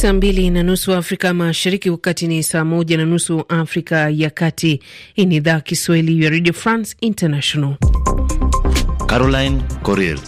Saa mbili na nusu Afrika Mashariki, wakati ni saa moja na nusu Afrika ya Kati. Hii ni idhaa Kiswahili ya Radio France International. Caroline Corel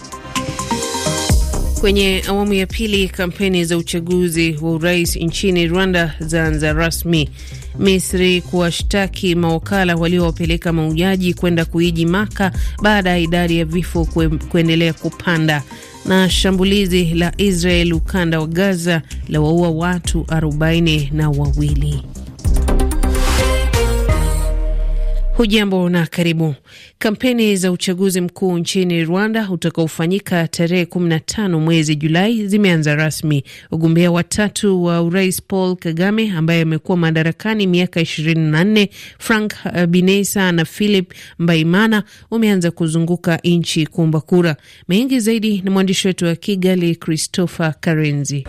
Kwenye awamu ya pili, kampeni za uchaguzi wa urais nchini Rwanda zaanza rasmi. Misri kuwashtaki mawakala waliowapeleka maujaji kwenda kuiji Maka baada ya idadi ya vifo kuendelea kupanda. Na shambulizi la Israel ukanda wa Gaza la waua watu arobaini na wawili. Hujambo na karibu. Kampeni za uchaguzi mkuu nchini Rwanda utakaofanyika tarehe 15 mwezi Julai zimeanza rasmi. Ugombea watatu wa urais Paul Kagame ambaye amekuwa madarakani miaka 24, Frank Binesa na Philip Mbaimana wameanza kuzunguka nchi kuomba kura. Mengi zaidi na mwandishi wetu wa Kigali, Christopher Karenzi.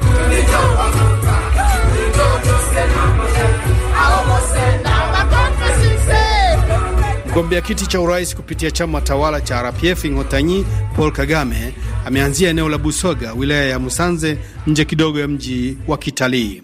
Mgombea kiti cha urais kupitia chama tawala cha RPF Ngotanyi, Paul Kagame ameanzia eneo la Busoga, wilaya ya Musanze, nje kidogo ya mji wa kitalii.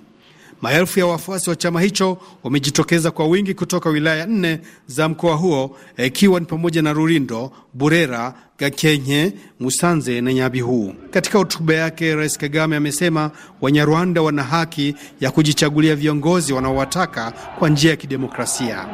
Maelfu ya wafuasi wa chama hicho wamejitokeza kwa wingi kutoka wilaya nne za mkoa huo, ikiwa ni pamoja na Rurindo, Burera, Gakenye, Musanze na Nyabihu. Katika hotuba yake, Rais Kagame amesema Wanyarwanda wana haki ya kujichagulia viongozi wanaowataka kwa njia ya kidemokrasia.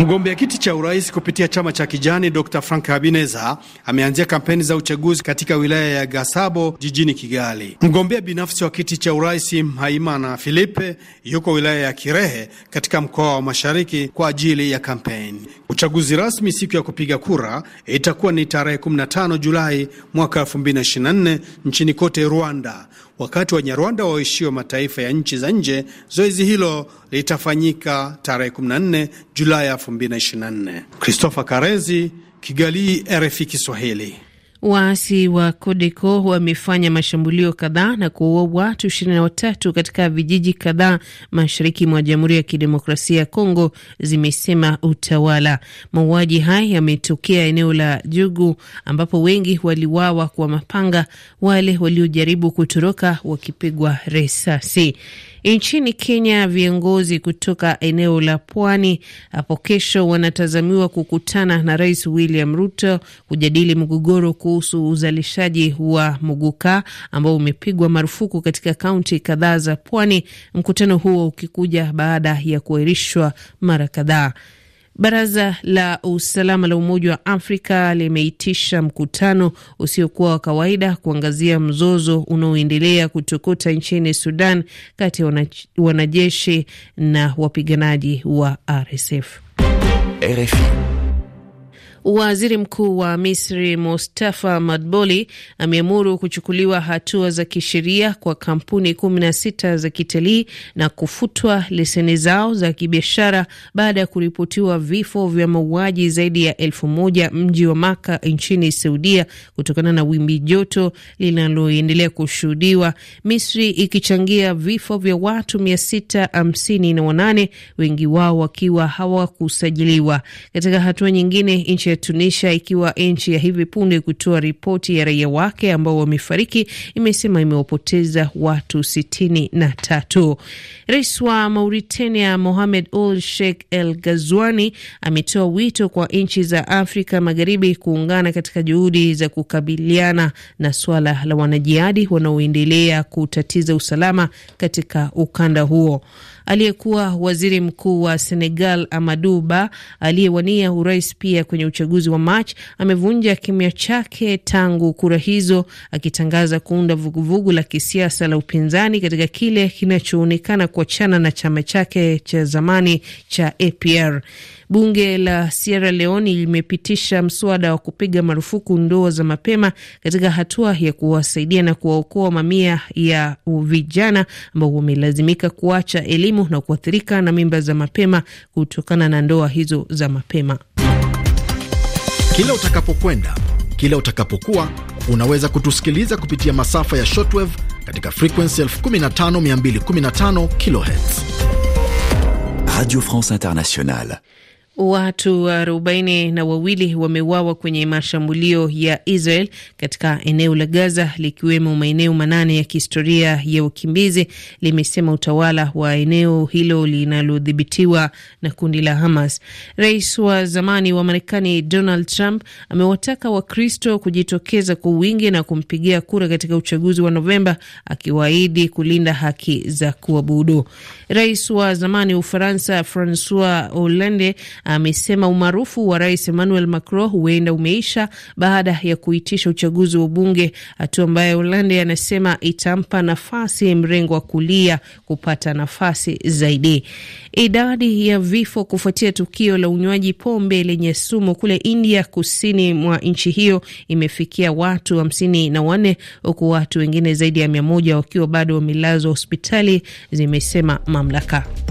Mgombea kiti cha urais kupitia chama cha Kijani, Dr Frank Habineza ameanzia kampeni za uchaguzi katika wilaya ya Gasabo jijini Kigali. Mgombea binafsi wa kiti cha urais Mhaimana Filipe yuko wilaya ya Kirehe katika mkoa wa Mashariki kwa ajili ya kampeni. Uchaguzi rasmi siku ya kupiga kura itakuwa ni tarehe 15 Julai mwaka 2024 nchini kote Rwanda. Wakati wa nyarwanda waishio mataifa ya nchi za nje, zoezi hilo litafanyika tarehe 14 Julai 2024. Christopher Karezi, Kigali, RFI Kiswahili. Waasi wa Codeco wamefanya mashambulio kadhaa na kuua watu watatu katika vijiji kadhaa mashariki mwa Jamhuri ya Kidemokrasia ya Kongo, zimesema utawala. Mauaji haya yametokea eneo la Jugu ambapo wengi waliwawa kwa mapanga, wale waliojaribu kutoroka wakipigwa risasi. Nchini Kenya, viongozi kutoka eneo la pwani hapo kesho wanatazamiwa kukutana na Rais William Ruto kujadili mgogoro ku kuhusu uzalishaji wa muguka ambao umepigwa marufuku katika kaunti kadhaa za pwani, mkutano huo ukikuja baada ya kuahirishwa mara kadhaa. Baraza la usalama la Umoja wa Afrika limeitisha mkutano usiokuwa wa kawaida kuangazia mzozo unaoendelea kutokota nchini Sudan kati ya wanajeshi na wapiganaji wa RSF. RFI. Waziri Mkuu wa Misri Mustafa Madboli ameamuru kuchukuliwa hatua za kisheria kwa kampuni kumi na sita za kitalii na kufutwa leseni zao za kibiashara baada ya kuripotiwa vifo vya mauaji zaidi ya elfu moja mji wa Maka nchini Saudia kutokana na wimbi joto linaloendelea kushuhudiwa, Misri ikichangia vifo vya watu mia sita hamsini na wanane wengi wao wakiwa hawakusajiliwa. Katika hatua nyingine nchi ya Tunisia, ikiwa nchi ya hivi punde kutoa ripoti ya raia wake ambao wamefariki, imesema imewapoteza watu sitini na tatu. Rais wa Mauritania Mohamed Ould Sheikh El Gazwani ametoa wito kwa nchi za Afrika Magharibi kuungana katika juhudi za kukabiliana na swala la wanajihadi wanaoendelea kutatiza usalama katika ukanda huo aliyekuwa waziri mkuu wa Senegal Amadou Ba aliyewania urais pia kwenye uchaguzi wa Machi amevunja kimya chake tangu kura hizo, akitangaza kuunda vuguvugu la kisiasa la upinzani katika kile kinachoonekana kuachana na chama chake cha zamani cha APR. Bunge la Sierra Leone limepitisha mswada wa kupiga marufuku ndoa za mapema katika hatua ya kuwasaidia na kuwaokoa mamia ya vijana ambao wamelazimika kuacha elimu na kuathirika na mimba za mapema kutokana na ndoa hizo za mapema. Kila utakapokwenda, kila utakapokuwa, unaweza kutusikiliza kupitia masafa ya shortwave katika frequency 15215 kilohertz. Radio France Internationale. Watu arobaini na wawili wameuawa kwenye mashambulio ya Israel katika eneo la Gaza likiwemo maeneo manane ya kihistoria ya wakimbizi, limesema utawala wa eneo hilo linalodhibitiwa na kundi la Hamas. Rais wa zamani wa Marekani Donald Trump amewataka Wakristo kujitokeza kwa wingi na kumpigia kura katika uchaguzi wa Novemba, akiwaahidi kulinda haki za kuabudu. Rais wa zamani wa Ufaransa Francois Hollande amesema umaarufu wa rais Emmanuel Macron huenda umeisha baada ya kuitisha uchaguzi wa ubunge, hatua ambayo Hollande anasema itampa nafasi mrengo wa kulia kupata nafasi zaidi. Idadi ya vifo kufuatia tukio la unywaji pombe lenye sumu kule India, kusini mwa nchi hiyo imefikia watu hamsini na wanne huku watu wengine zaidi ya mia moja wakiwa bado wamelazwa hospitali, zimesema mamlaka.